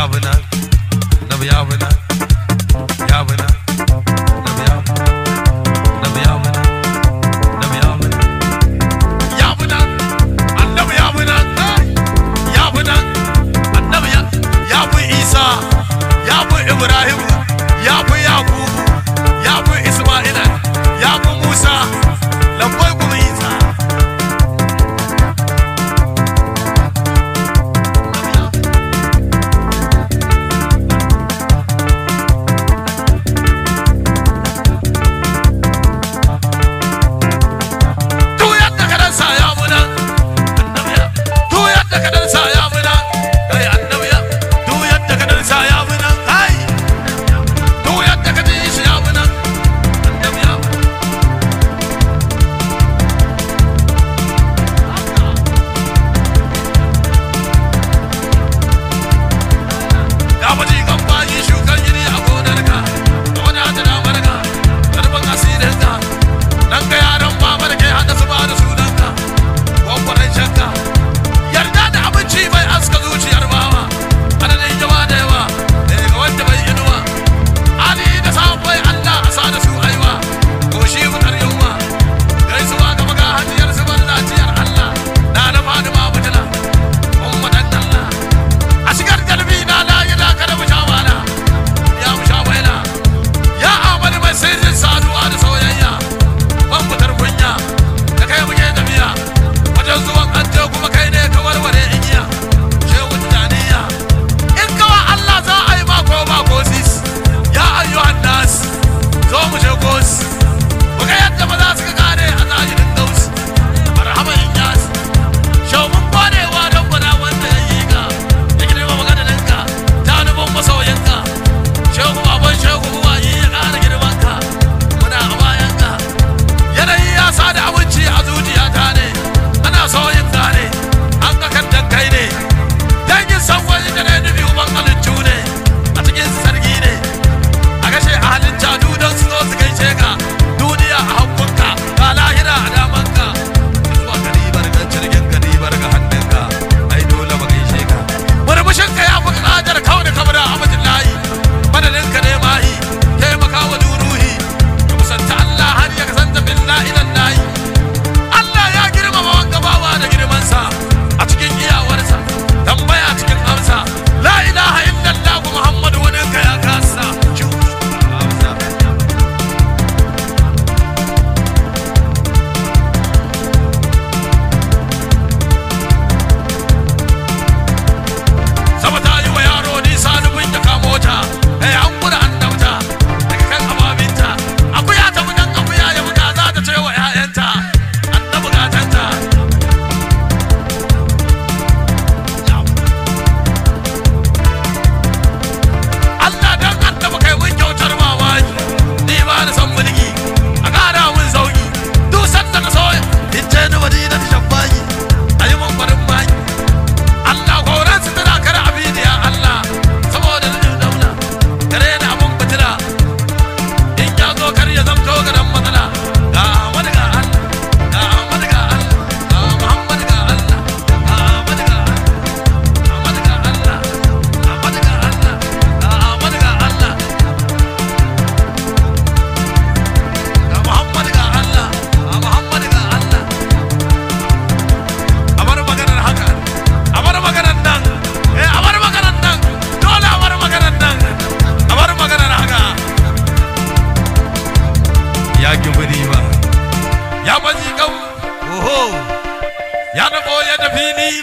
Yavana, Nava Yavana, Yavana, Nava Yavana, Nava Yavana, Isa, Ibrahim.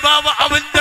بابا عبد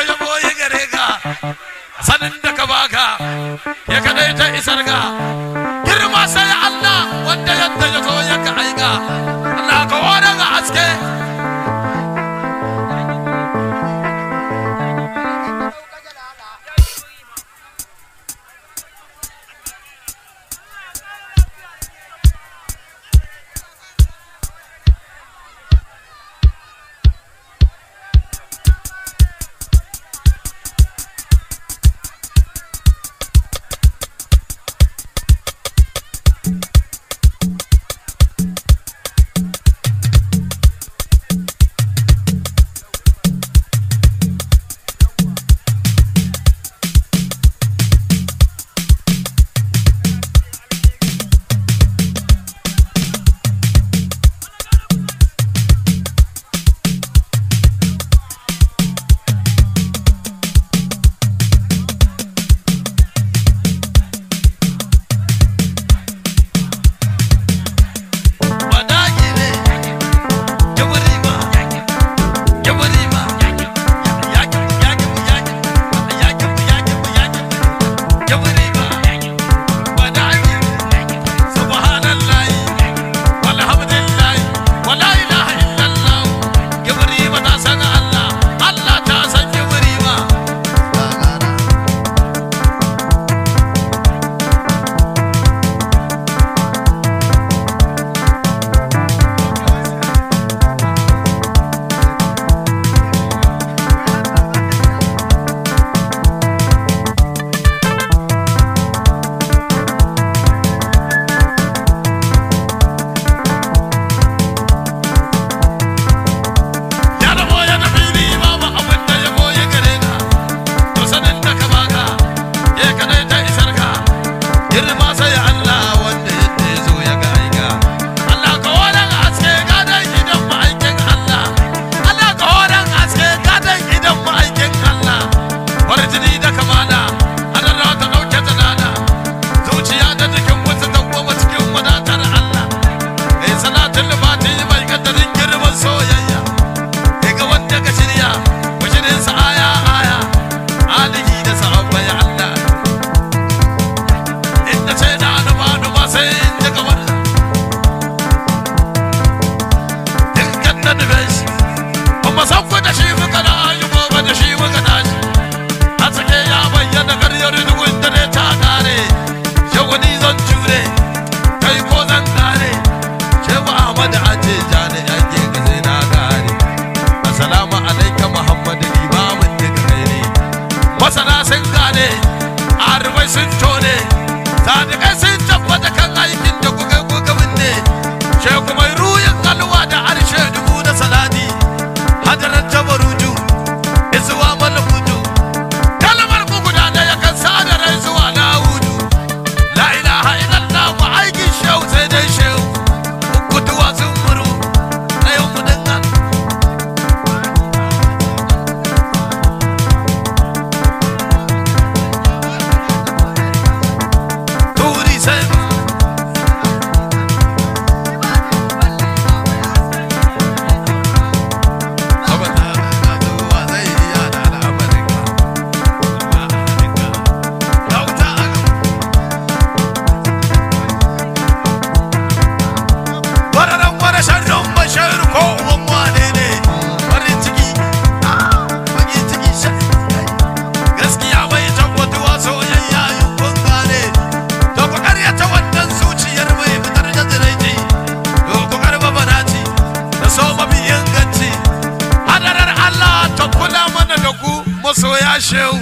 Shehu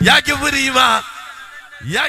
ya ki birima ya